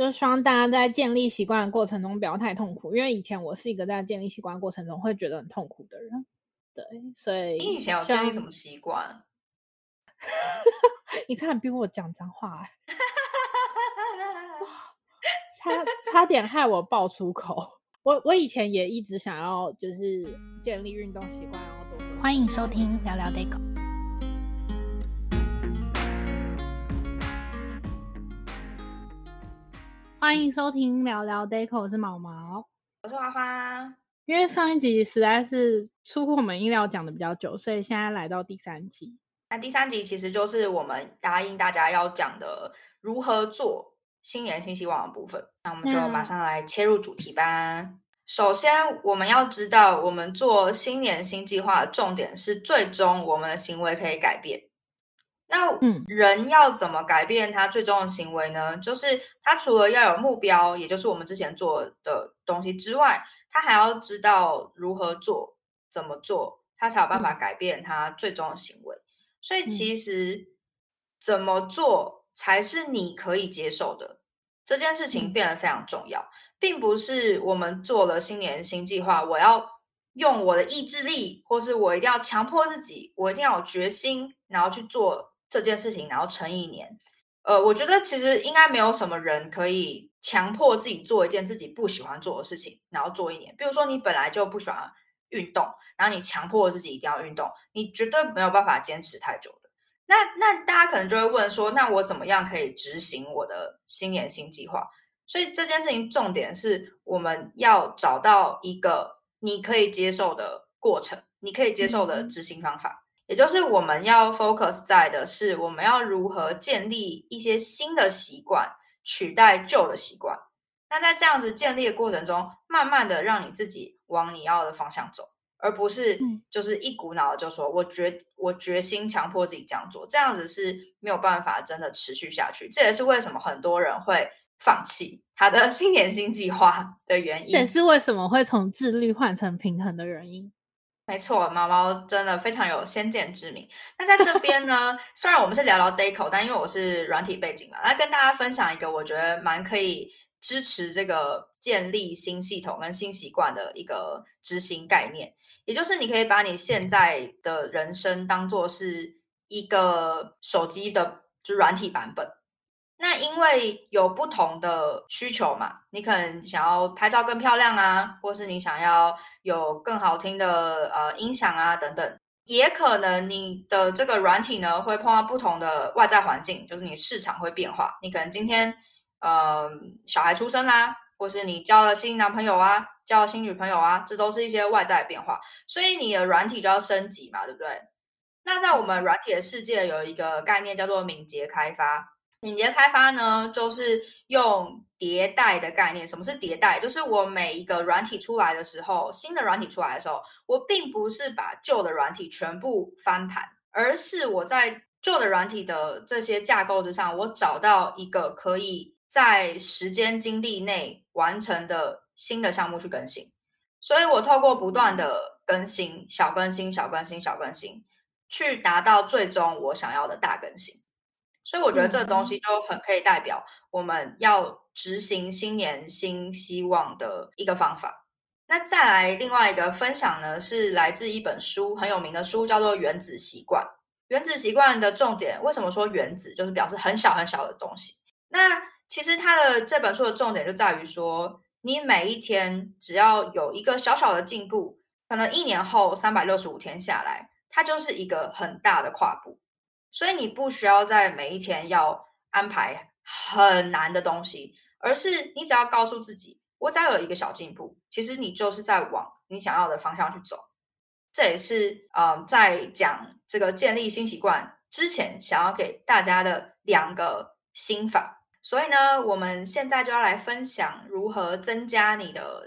就是希望大家在建立習慣的過程中不要太痛苦，因為以前我是一個在建立習慣過程中會覺得很痛苦的人。對，所以你以前有建立什麼習慣？ 你差點逼我講髒話、欸，差差點害我爆粗口。我我以前也一直想要就是建立運動習慣，然後多多多歡迎收聽聊聊 Deco。歡迎收聽聊聊 Deco，我是毛毛，我是花花。因為上一集實在是出乎我們意料，講得比較久，所以現在來到第三集。那第三集其實就是我們答應大家要講的如何做新年新希望的部分。那我們就馬上來切入主題吧。嗯，首先，我們要知道，我們做新年新計劃的重點是，最終我們的行為可以改變。那嗯，人要怎麼改變他最終的行為呢？就是他除了要有目標，也就是我們之前做的東西之外，他還要知道如何做，怎麼做，他才有辦法改變他最終的行為。所以其實怎麼做才是你可以接受的，這件事情變得非常重要，並不是我們做了新年新計劃，我要用我的意志力，或是我一定要強迫自己，我一定要有決心，然後去做。這件事情，然後撐一年，呃，我覺得其實應該沒有什麼人可以強迫自己做一件自己不喜歡做的事情，然後做一年。比如說你本來就不喜歡運動，然後你強迫自己一定要運動，你絕對沒有辦法堅持太久的。那那大家可能就會問說，那我怎麼樣可以執行我的新年新計劃？所以這件事情重點是我們要找到一個你可以接受的過程，你可以接受的執行方法。嗯也就是我們要 focus 在的是，我們要如何建立一些新的習慣，取代舊的習慣。那在這樣子建立的過程中，慢慢的讓你自己往你要的方向走，而不是就是一股腦的就說，我決我決心強迫自己這樣做，這樣子是沒有辦法真的持續下去。這也是為什麼很多人會放棄他的新年新計劃的原因，這也是為什麼會從自律換成平衡的原因。沒錯，貓貓真的非常有先見之明。那在這邊呢， 雖然我們是聊聊 Deco，但因為我是軟體背景嘛，來跟大家分享一個我覺得蠻可以支持這個建立新系統跟新習慣的一個執行概念，也就是你可以把你現在的人生當作是一個手機的就軟體版本。那因為有不同的需求嘛，你可能想要拍照更漂亮啊，或是你想要有更好聽的呃音響啊等等，也可能你的這個軟體呢會碰到不同的外在環境，就是你市場會變化。你可能今天呃小孩出生啦、啊，或是你交了新男朋友啊，交了新女朋友啊，這都是一些外在的變化，所以你的軟體就要升級嘛，對不對？那在我們軟體的世界有一個概念叫做敏捷開發。敏捷開發呢，就是用迭代的概念。什麼是迭代？就是我每一個軟體出來的時候，新的軟體出來的時候，我並不是把舊的軟體全部翻盤，而是我在舊的軟體的這些架構之上，我找到一個可以在時間精力內完成的新的項目去更新。所以我透過不斷的更新，小更新、小更新、小更新，去達到最終我想要的大更新。所以我覺得這個東西就很可以代表我們要執行新年新希望的一個方法。那再來另外一個分享呢，是來自一本書，很有名的書，叫做原子習慣《原子習慣》。《原子習慣》的重點，為什麼說原子？就是表示很小很小的東西。那其實它的這本書的重點就在於說，你每一天只要有一個小小的進步，可能一年後三百六十五天下來，它就是一個很大的跨步。所以你不需要在每一天要安排很難的東西，而是你只要告訴自己，我只要有一個小進步，其實你就是在往你想要的方向去走。這也是嗯、呃、在講這個建立新習慣之前，想要給大家的兩個心法。所以呢，我們現在就要來分享如何增加你的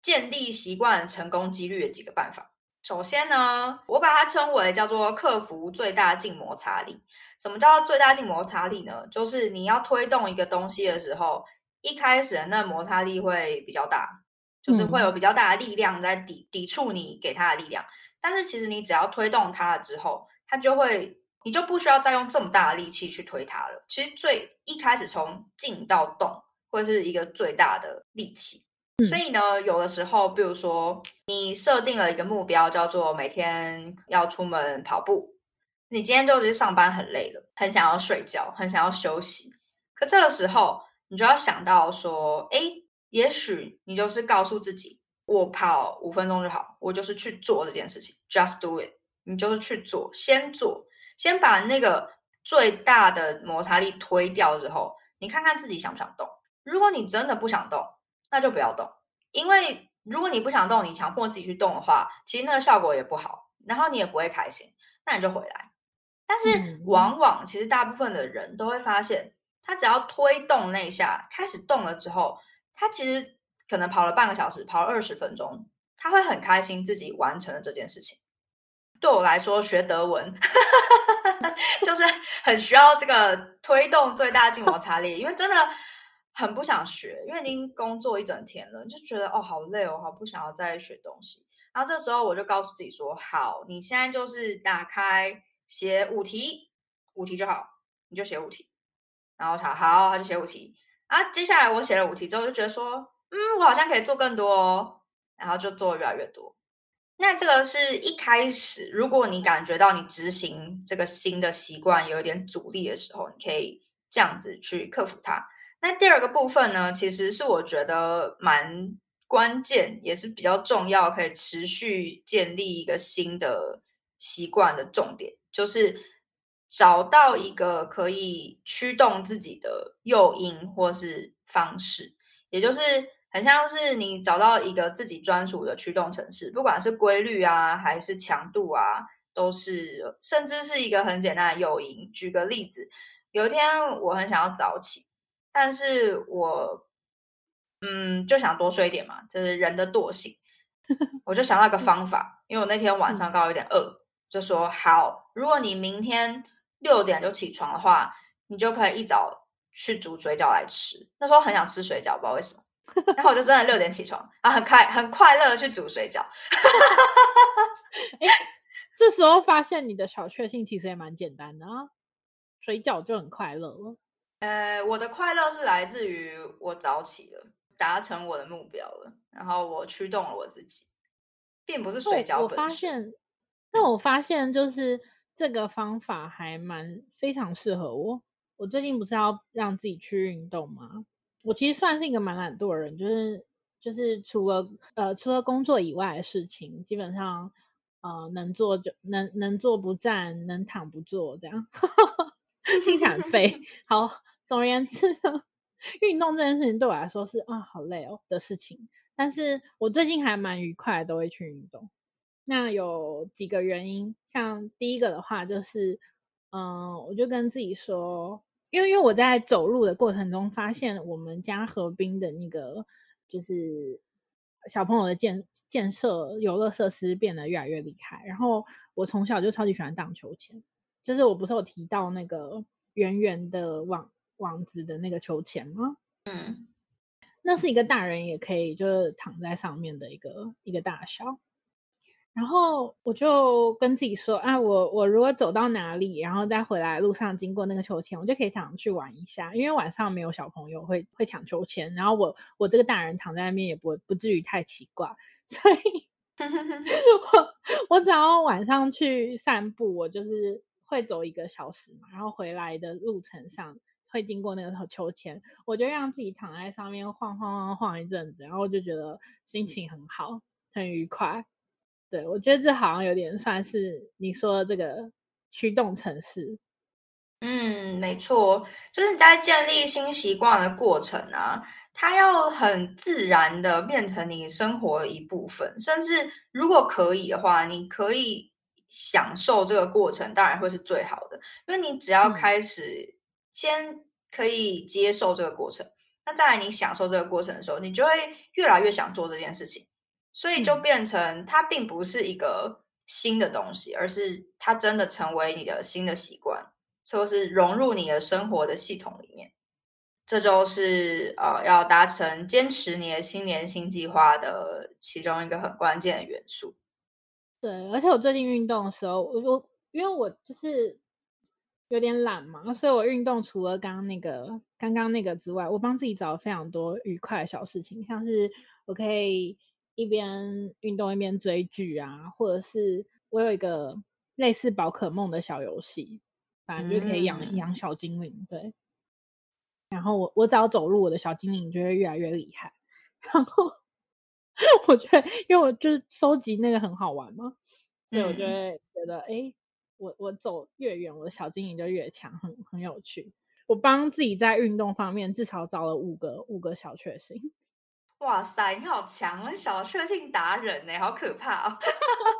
建立習慣成功幾率的幾個辦法。首先呢，我把它稱為叫做克服最大靜摩擦力。什麼叫做最大靜摩擦力呢？就是你要推動一個東西的時候，一開始的那摩擦力會比較大，就是會有比較大的力量在抵抵觸你給它的力量。但是其實你只要推動它了之後，它就會，你就不需要再用這麼大的力氣去推它了。其實最一開始從靜到動，會是一個最大的力氣。所以呢，有的時候，比如說你設定了一個目標，叫做每天要出門跑步。你今天就是上班很累了，很想要睡覺，很想要休息。可這個時候，你就要想到說，誒，也許你就是告訴自己，我跑五分鐘就好，我就是去做這件事情，just do it。你就是去做，先做，先把那個最大的摩擦力推掉之後，你看看自己想不想動。如果你真的不想動，那就不要動，因為如果你不想動，你強迫自己去動的話，其實那個效果也不好，然後你也不會開心。那你就回來。但是往往其實大部分的人都會發現，他只要推動那一下，開始動了之後，他其實可能跑了半個小時，跑了二十分鐘，他會很開心自己完成了這件事情。對我來說，學德文 就是很需要這個推動最大靜摩擦力，因為真的。很不想學，因為已經工作一整天了，就覺得哦好累哦，好不想要再學東西。然後這時候我就告訴自己說：好，你現在就是打開寫五題，五題就好，你就寫五題。然後他好，他就寫五題。啊，接下來我寫了五題之後，就覺得說，嗯，我好像可以做更多哦。然後就做越來越多。那這個是一開始，如果你感覺到你執行這個新的習慣有一點阻力的時候，你可以這樣子去克服它。那第二個部分呢，其實是我覺得蠻關鍵，也是比較重要，可以持續建立一個新的習慣的重點，就是找到一個可以驅動自己的誘因或是方式，也就是很像是你找到一個自己專屬的驅動程式，不管是規律啊，還是強度啊，都是甚至是一個很簡單的誘因。舉個例子，有一天我很想要早起。但是我，嗯，就想多睡一點嘛，就是人的惰性， 我就想到一個方法，因為我那天晚上剛好有點餓，就說好，如果你明天六點就起床的話，你就可以一早去煮水餃來吃。那時候很想吃水餃，不知道為什麼。然後我就真的六點起床 啊，很快很快樂的去煮水餃 、欸。這時候發現你的小確幸其實也蠻簡單的啊，水餃就很快樂了。呃，我的快樂是來自於我早起了，達成我的目標了，然後我驅動了我自己，並不是睡覺。我發現，那、嗯、我發現就是這個方法還蠻非常適合我，我。我最近不是要讓自己去運動嗎？我其實算是一個蠻懶惰的人，就是就是除了呃除了工作以外的事情，基本上呃能坐就能能坐不站，能躺不坐這樣。 生 產飛好，總而言之，運動這件事情對我來說是啊，好累哦的事情。但是我最近還蠻愉快的，都會去運動。那有幾個原因，像第一個的話，就是嗯，我就跟自己說，因為因為我在走路的過程中，發現我們家河濱的那個就是小朋友的建設建設遊樂設施變得越來越厲害。然後我從小就超級喜歡盪秋千。就是我不是有提到那個圓圓的網網子的那個秋千嗎？嗯，那是一個大人也可以，就是躺在上面的一個一個大小。然後我就跟自己說：“啊，我我如果走到哪裡，然後再回來路上經過那個秋千，我就可以躺去玩一下。因為晚上沒有小朋友會會搶秋千，然後我我這個大人躺在那邊也不不至於太奇怪。所以， 我我只要晚上去散步，我就是。”會走一個小時嘛，然後回來的路程上會經過那個秋千，我就讓自己躺在上面晃晃晃晃，一陣子，然後就覺得心情很好，嗯、很愉快。對，我覺得這好像有點算是你說的這個驅動程式。嗯，沒錯，就是你在建立新習慣的過程啊，它要很自然的變成你生活的一部分，甚至如果可以的話，你可以。享受這個過程，當然會是最好的。因為你只要開始，先可以接受這個過程，那、嗯、再來你享受這個過程的時候，你就會越來越想做這件事情。所以就變成，它並不是一個新的東西，而是它真的成為你的新的習慣，就是融入你的生活的系統裡面。這就是呃，要達成堅持你的新年新計劃的其中一個很關鍵的元素。對，而且我最近運動的時候，我我因為我就是有點懶嘛，所以我運動除了剛剛那個剛剛那個之外，我幫自己找了非常多愉快的小事情，像是我可以一邊運動一邊追劇啊，或者是我有一個類似寶可夢的小遊戲，反正就可以養、嗯、養小精靈，對。然後我我只要走路，我的小精靈就會越來越厲害，然後。 我覺得，因為我就收集那個很好玩嘛、嗯，所以我就會覺得，哎、欸，我我走越遠，我的小精靈就越強，很很有趣。我幫自己在運動方面至少找了五個五個小確幸。哇塞，你好強，小確幸達人呢、欸？好可怕啊、哦！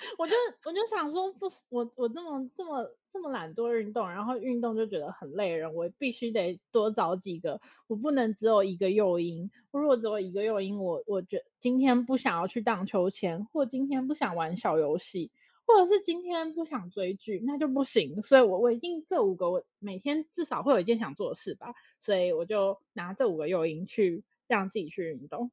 我就我就想說，不，我我這麼這麼這麼懶惰運動，然後運動就覺得很累人。我必須得多找幾個，我不能只有一個誘因。我如果只有一個誘因，我我覺今天不想要去盪秋千，或今天不想玩小遊戲，或者是今天不想追劇，那就不行。所以我，我我一定這五個，我每天至少會有一件想做的事吧。所以，我就拿這五個誘因去讓自己去運動。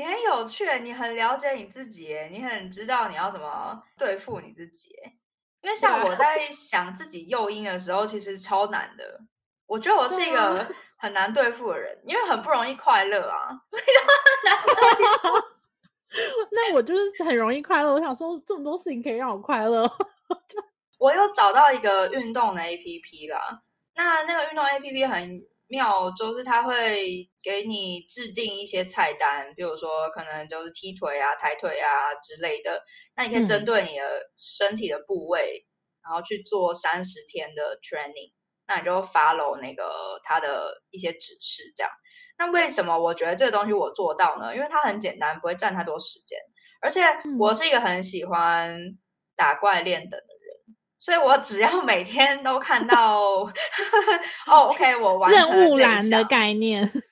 你很有趣，你很了解你自己，你很知道你要怎麼對付你自己。因為像我在想自己誘因的時候、啊，其實超難的。我覺得我是一個很難對付的人，啊、因為很不容易快樂啊。所以就很難對付。 那我就是很容易快樂。我想說，這麼多事情可以讓我快樂。 我又找到一個運動的 APP 啦。那那個運動 APP 很妙，就是它會。給你制定一些菜單，比如說可能就是踢腿啊、抬腿啊之類的。那你可以針對你的身體的部位，嗯、然後去做三十天的 training。那你就 follow 那個他的一些指示，這樣。那為什麼我覺得這個東西我做到呢？因為它很簡單，不會佔太多時間，而且我是一個很喜歡打怪練等的人、嗯，所以我只要每天都看到哦、 oh，OK，我完成了這一項。任務欄的概念。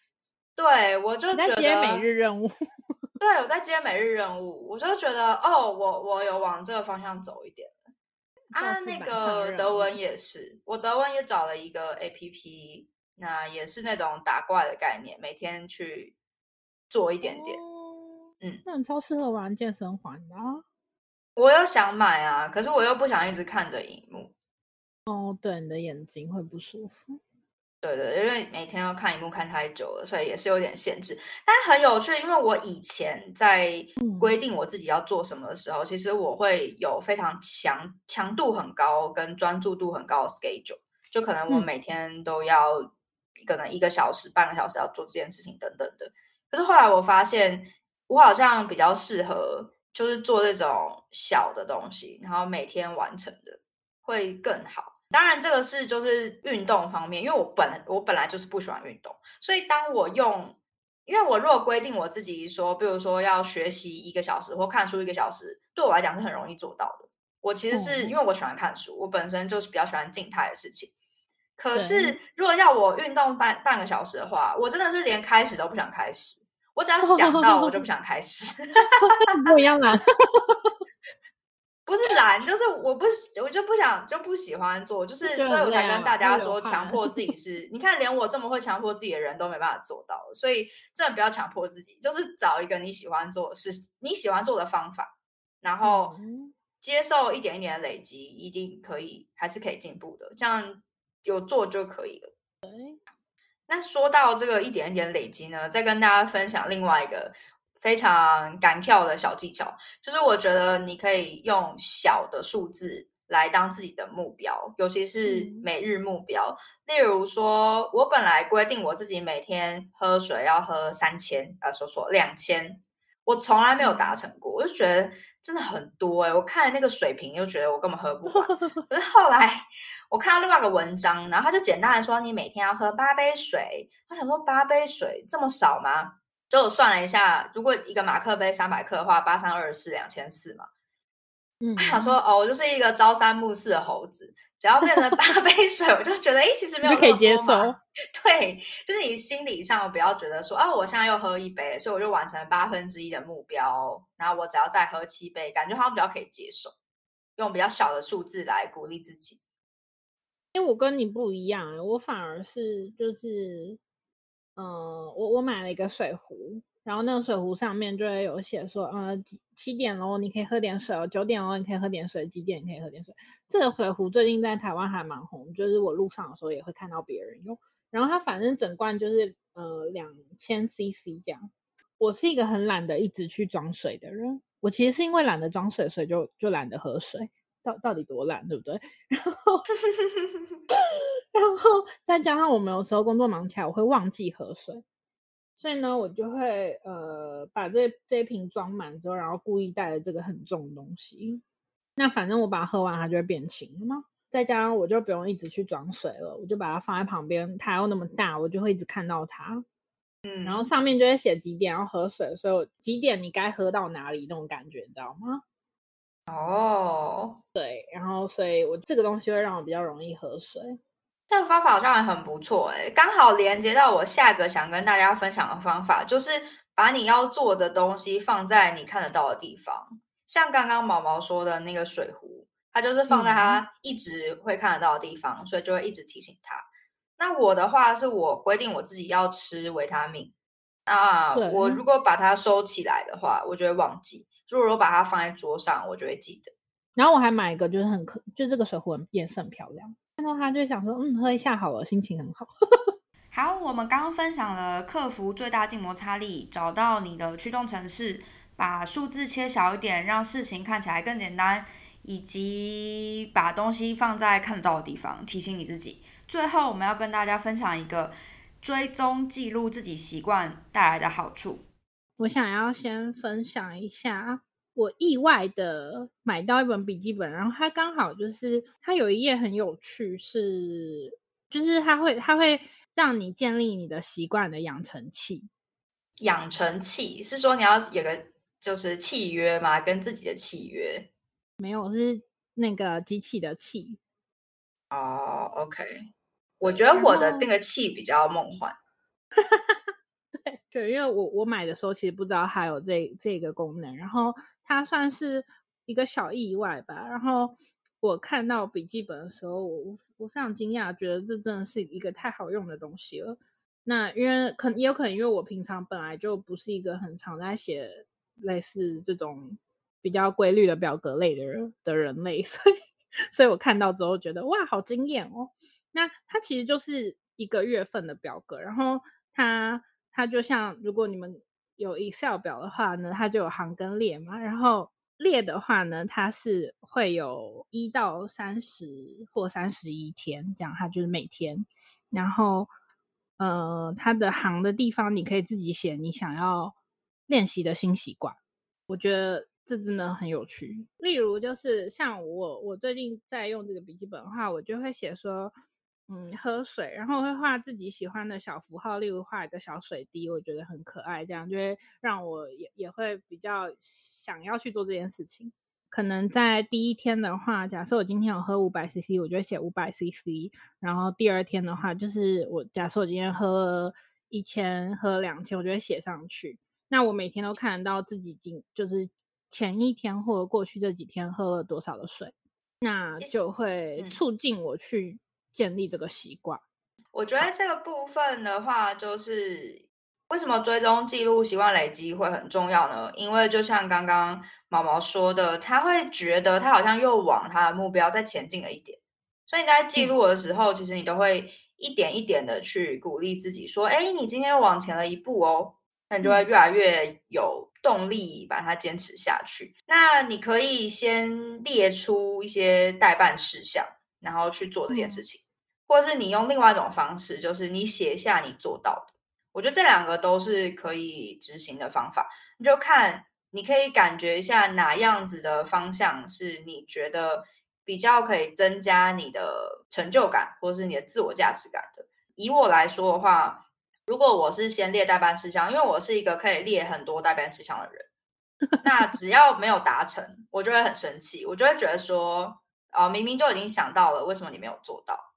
對，我就覺得在接每日任務。 對，我在接每日任務，我就覺得哦，我我有往這個方向走一點。啊，那個德文也是，我德文也找了一個 APP，那也是那種打怪的概念，每天去做一點點。Oh, 嗯，那你超適合玩健身環啊。我又想買啊，可是我又不想一直看着熒幕。哦、oh，對，你的眼睛會不舒服。對對，因為每天要看一幕看太久了，所以也是有點限制。但很有趣，因為我以前在規定我自己要做什麼的時候，嗯、其實我會有非常強強度很高跟專注度很高的 schedule，就可能我每天都要可能一個小時、半個小時要做這件事情等等的。可是後來我發現，我好像比較適合就是做這種小的東西，然後每天完成的會更好。當然，這個是就是運動方面，因為我本來我本來就是不喜歡運動，所以當我用，因為我如果規定我自己說，比如說要學習一個小時或看書一個小時，對我來講是很容易做到的。我其實是因為我喜歡看書，嗯、我本身就是比較喜歡靜態的事情。可是如果要我運動半半個小時的話，我真的是連開始都不想開始，我只要想到我就不想開始，不一樣嗎？不是懶，就是我不喜，我就不想，就不喜歡做，就是，所以我才跟大家說，強迫自己是，你看，連我這麼會強迫自己的人都沒辦法做到，所以真的不要強迫自己，就是找一個你喜歡做的事，你喜歡做的方法，然後接受一點一點的累積，一定可以，還是可以進步的，這樣有做就可以了。對，那說到這個一點一點累積呢，再跟大家分享另外一個。非常敢跳的小技巧，就是我覺得你可以用小的數字來當自己的目標，尤其是每日目標。嗯、例如說，我本來規定我自己每天喝水要喝三千，啊、呃，說說兩千，我從來沒有達成過。我就覺得真的很多哎、欸，我看了那個水瓶，又覺得我根本喝不完。 可是後來我看到另外一個文章，然後他就簡單的說，你每天要喝八杯水。他想說，八杯水這麼少嗎？就我算了一下，如果一個馬克杯三百克的話，八三二四兩千四嘛。嗯，想說哦，我就是一個朝三暮四的猴子，只要變成八杯水， 我就覺得哎、欸，其實沒有可以接受。 對，就是你心理上我不要覺得說啊、哦，我現在又喝一杯，所以我就完成八分之一的目標。然後我只要再喝七杯，感覺好像比較可以接受，用比較小的數字來鼓勵自己。因為我跟你不一樣，我反而是就是。嗯，我我買了一個水壺，然後那個水壺上面就會有寫說，呃，七點哦，你可以喝點水哦；九點哦，你可以喝點水；幾點你可以喝點水？這個水壺最近在台灣還蠻紅，就是我路上的時候也會看到別人用。然後它反正整罐就是呃兩千 CC 這樣。我是一個很懶得一直去裝水的人。我其實是因為懶得裝水，所以就就懶得喝水。到到底多懶，對不對？然後。 然後再加上我們有時候工作忙起來，我會忘記喝水，所以呢，我就會呃把這這一瓶裝滿之後，然後故意帶着這個很重的東西。那反正我把它喝完，它就會變輕了嗎？再加上我就不用一直去裝水了，我就把它放在旁邊。它又那麼大，我就會一直看到它。嗯，然後上面就會寫幾點要喝水，所以我幾點你該喝到哪裡那種感覺，你知道嗎？哦，對，然後所以我這個東西會讓我比較容易喝水。這個方法好像也很不錯誒、欸，剛好連接到我下個想跟大家分享的方法，就是把你要做的東西放在你看得到的地方。像剛剛毛毛說的那個水壺，它就是放在它一直會看得到的地方，嗯、所以就會一直提醒它。那我的話是我規定我自己要吃維他命那、啊啊、我如果把它收起來的話，我就會忘記；如果我把它放在桌上，我就會記得。然後我還買一個，就是很可，就這個水壺也是很漂亮。看到他就想說，嗯，喝一下好了，心情很好。 好，我們剛剛分享了克服最大靜摩擦力，找到你的驅動程式，把數字切小一點，讓事情看起來更簡單，以及把東西放在看得到的地方，提醒你自己。最後，我們要跟大家分享一個追蹤記錄自己習慣帶來的好處。我想要先分享一下。我意外的買到一本筆記本，然後它剛好就是，它有一頁很有趣是，是就是它會它會讓你建立你的習慣的養成器。養成器是說你要有個就是契約嗎？跟自己的契約？沒有，是那個機器的器。哦、oh，OK，我覺得我的那個器比較夢幻。 對，因為我我買的時候其實不知道還有這這個功能，然後它算是一個小意外吧。然後我看到筆記本的時候，我我非常驚訝，覺得這真的是一個太好用的東西了。那因為可能也有可能因為我平常本來就不是一個很常在寫類似這種比較規律的表格類的人、嗯、的人類，所以所以我看到之後覺得哇，好驚豔哦。那它其實就是一個月份的表格，然後它。它就像，如果你們有 Excel 表的話呢，它就有行跟列嘛。然後列的話呢，它是會有一到三十或三十一天這樣，它就是每天。然後，呃，它的行的地方你可以自己寫你想要練習的新習慣。我覺得這真的很有趣。例如就是像我，我最近在用這個筆記本的話，我就會寫說。嗯，喝水，然後會畫自己喜歡的小符號，例如畫一個小水滴，我覺得很可愛。這樣就會讓我也也會比較想要去做這件事情。可能在第一天的話，假設我今天有喝五百 CC，我就會寫五百 CC。然後第二天的話，就是我假設我今天喝了一千，喝了兩千，我就會寫上去。那我每天都看得到自己今，就是前一天或者過去這幾天喝了多少的水，那就會促進我去。建立這個習慣，我覺得這個部分的話，就是為什麼追蹤記錄習慣累積會很重要呢？因為就像剛剛毛毛說的，他會覺得他好像又往他的目標再前進了一點，所以你在記錄的時候，其實你都會一點一點的去鼓勵自己說：“哎、嗯，你今天又往前了一步哦。”那你就會越來越有動力把它堅持下去。那你可以先列出一些待辦事項，然後去做這件事情，或是你用另外一種方式，就是你寫下你做到的。我覺得這兩個都是可以執行的方法，你就看你可以感覺一下哪樣子的方向是你覺得比較可以增加你的成就感，或是你的自我價值感的。以我來說的話，如果我是先列待辦事項，因為我是一個可以列很多待辦事項的人，那只要沒有達成，我就會很生氣，我就會覺得說。哦，明明就已經想到了，為什麼你沒有做到？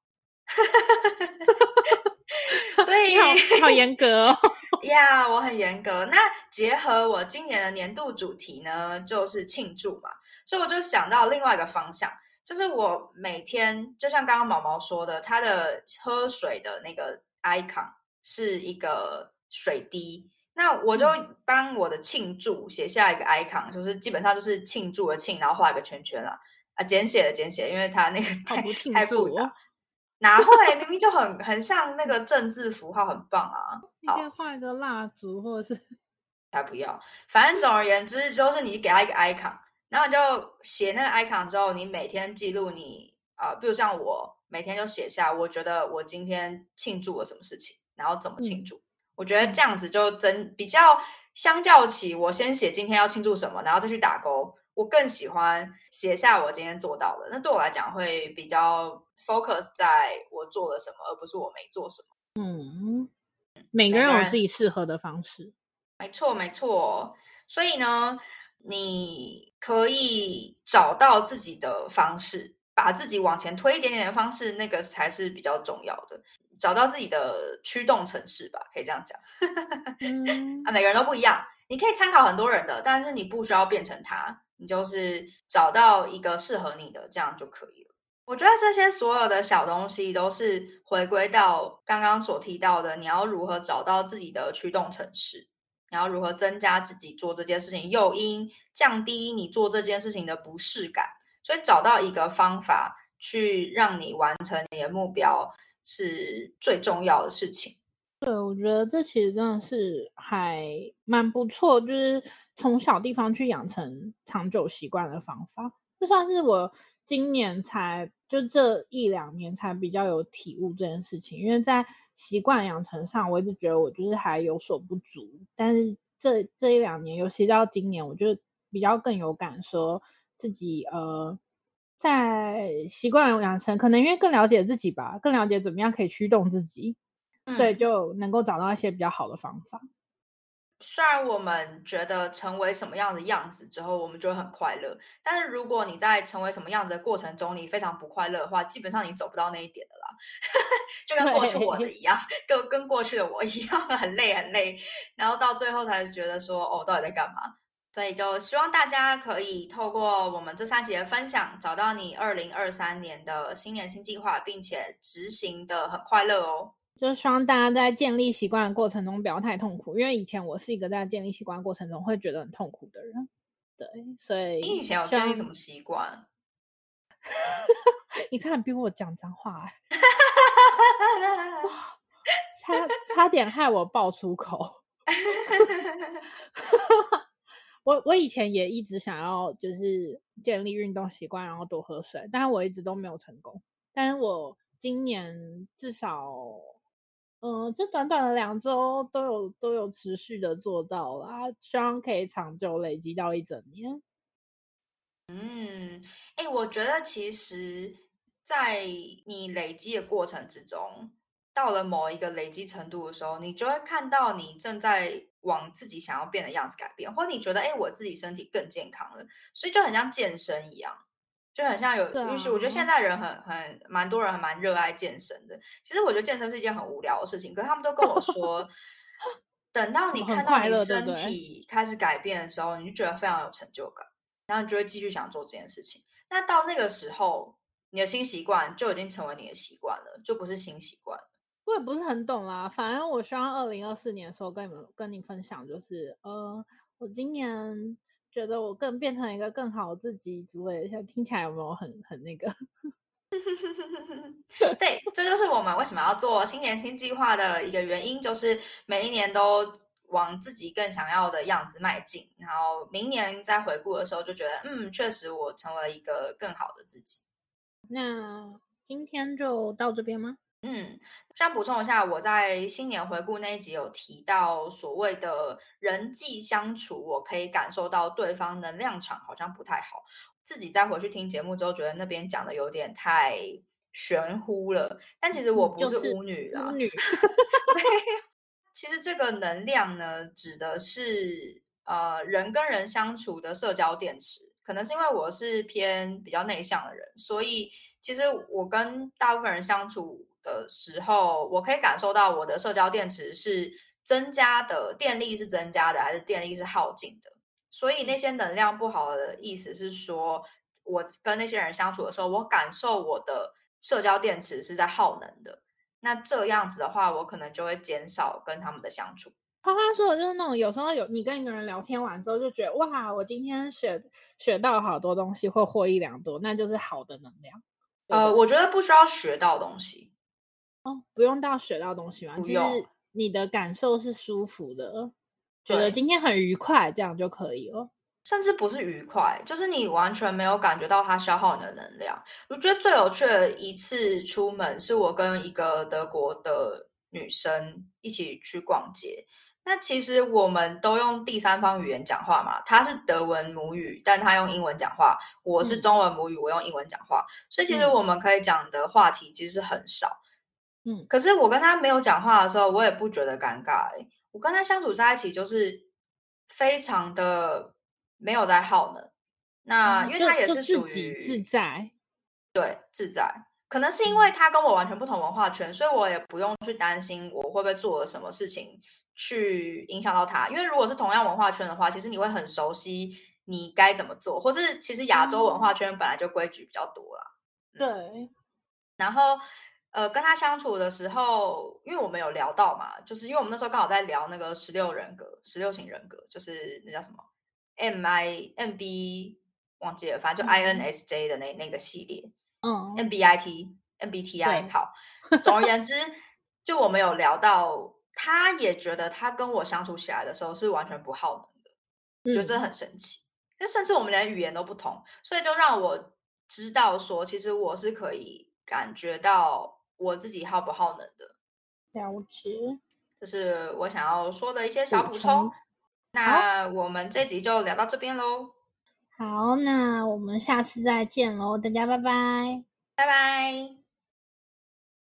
所以 好，好嚴格哦。呀、yeah，我很嚴格。那結合我今年的年度主題呢，就是慶祝嘛，所以我就想到另外一個方向，就是我每天就像剛剛毛毛說的，他的喝水的那個 icon 是一個水滴，那我就幫我的慶祝寫下一個 icon，就是基本上就是慶祝的慶，然後畫一個圈圈了。簡寫的簡寫，因為它那個太不、啊、太複雜。哪會明明就很很像那個政治符號，很棒啊！一定 畫一，一個蠟燭，或者是……他不要，反正總而言之，就是你給他一個 icon，然後你就寫那個 icon 之後，你每天記錄你啊、呃，比如像我每天就寫下，我覺得我今天慶祝了什麼事情，然後怎麼慶祝。嗯、我覺得這樣子就真比較，相較起我先寫今天要慶祝什麼，然後再去打勾。我更喜歡寫下我今天做到的，那對我來講會比較 focus 在我做了什麼，而不是我沒做什麼。嗯，每個人有自己適合的方式，沒錯沒錯。所以呢，你可以找到自己的方式，把自己往前推一點點的方式，那個才是比較重要的。找到自己的驅動程式吧，可以這樣講。嗯 啊，每個人都不一樣，你可以參考很多人的，但是你不需要變成他。你就是找到一個適合你的，這樣就可以了。我覺得這些所有的小東西都是回歸到剛剛所提到的，你要如何找到自己的驅動程式，你要如何增加自己做這件事情誘因，降低你做這件事情的不適感。所以找到一個方法去讓你完成你的目標是最重要的事情。對，我覺得這其實真的是還蠻不錯，就是。從小地方去養成長久習慣的方法，就算是我今年才就這一兩年才比較有體悟這件事情，因為在習慣養成上，我一直覺得我就是還有所不足。但是這這一兩年，尤其到今年，我就比較更有感受，自己呃在習慣養成，可能因為更了解自己吧，更了解怎麼樣可以驅動自己，所以就能夠找到一些比較好的方法。雖然我們覺得成為什麼樣的樣子之後，我們就會很快樂，但是如果你在成為什麼樣子的過程中，你非常不快樂的話，基本上你走不到那一點的啦。 就跟過去我的一樣，跟跟過去的我一樣，很累很累，然後到最後才覺得說，哦，到底在幹嘛？所以就希望大家可以透過我們這三集的分享，找到你二零二三年的新年新計劃，並且執行的很快樂哦。就是希望大家在建立習慣的過程中不要太痛苦，因為以前我是一個在建立習慣過程中會覺得很痛苦的人。對，所以，欸，你以前有建立什麼習慣？ 你差點逼我講髒話，欸，差差點害我爆粗口。 我我以前也一直想要就是建立運動習慣，然後多喝水，但我一直都沒有成功。但是我今年至少。嗯，這短短的兩周都有都有持續的做到了，希望可以長久累積到一整年。嗯，欸，我覺得其實，在你累積的過程之中，到了某一個累積程度的時候，你就會看到你正在往自己想要變的樣子改變，或者你覺得欸，我自己身體更健康了，所以就很像健身一樣。就很像有，於是、啊、我覺得現在人很很蠻多人還蠻熱愛健身的。其實我覺得健身是一件很無聊的事情，可是他們都跟我說， 等到你看到你身體開始改變的時候，對對，你就覺得非常有成就感，然後你就會繼續想做這件事情。那到那個時候，你的新習慣就已經成為你的習慣了，就不是新習慣了。我也不是很懂啦，反正我希望二零二四年的時候跟你們跟你分享，就是呃，我今年。覺得我更變成一個更好的自己，諸位，像聽起來有沒有很很那個？ 對，這就是我們為什麼要做新年新計劃的一個原因，就是每一年都往自己更想要的樣子邁進，然後明年再回顧的時候就覺得，嗯，確實我成為一個更好的自己。那今天就到這邊嗎？嗯，想補充一下，我在新年回顧那一集有提到所謂的人際相處，我可以感受到對方能量場好像不太好。自己再回去聽節目之後，覺得那邊講的有點太玄乎了。但其實我不是巫女啦、嗯、是巫女 其實這個能量呢，指的是呃人跟人相處的社交電池。可能是因為我是偏比較內向的人，所以其實我跟大部分人相處的時候，我可以感受到我的社交電池是增加的，電力是增加的，還是電力是耗盡的？所以那些能量不好的意思是說，我跟那些人相處的時候，我感受我的社交電池是在耗能的。那這樣子的話，我可能就會減少跟他們的相處。花花說的就是那種，有時候有你跟一個人聊天完之後，就覺得哇，我今天學學到好多東西，會獲益良多，那就是好的能量。呃，我覺得不需要學到東西。哦，不用到學到東西嘛，就是你的感受是舒服的，覺得今天很愉快，這樣就可以了。甚至不是愉快，就是你完全沒有感覺到它消耗你的能量。我覺得最有趣的一次出門，是我跟一個德國的女生一起去逛街。那其實我們都用第三方語言講話嘛，她是德文母語，但她用英文講話；我是中文母語，嗯，我用英文講話。所以其實我們可以講的話題其實很少。嗯、可是我跟他沒有講話的時候，我也不覺得尷尬、欸。我跟他相處在一起，就是非常的沒有在耗能。那因為他也是屬於、嗯、自、自在，對，自在。可能是因為他跟我完全不同文化圈，所以我也不用去擔心我會不會做了什麼事情去影響到他。因為如果是同樣文化圈的話，其實你會很熟悉你該怎麼做，或是其實亞洲文化圈本來就規矩比較多啦。嗯嗯嗯、對，然後。呃，跟他相處的時候，因為我們有聊到嘛，就是因為我們那時候剛好在聊那個十六人格、十六型人格，就是那叫什麼 M I M B 忘記了，反正就 I N S J 的那那個系列，嗯，M B I T M B T I 好。總而言之， 就我們有聊到，他也覺得他跟我相處起來的時候是完全不耗能的，覺得這很神奇。那、嗯、甚至我們連語言都不同，所以就讓我知道說，其實我是可以感覺到。我自己耗不耗能的，小吃。這是我想要說的一些小補充。那我們這集就聊到這邊嘍。好，那我們下次再見嘍，大家拜拜，拜拜。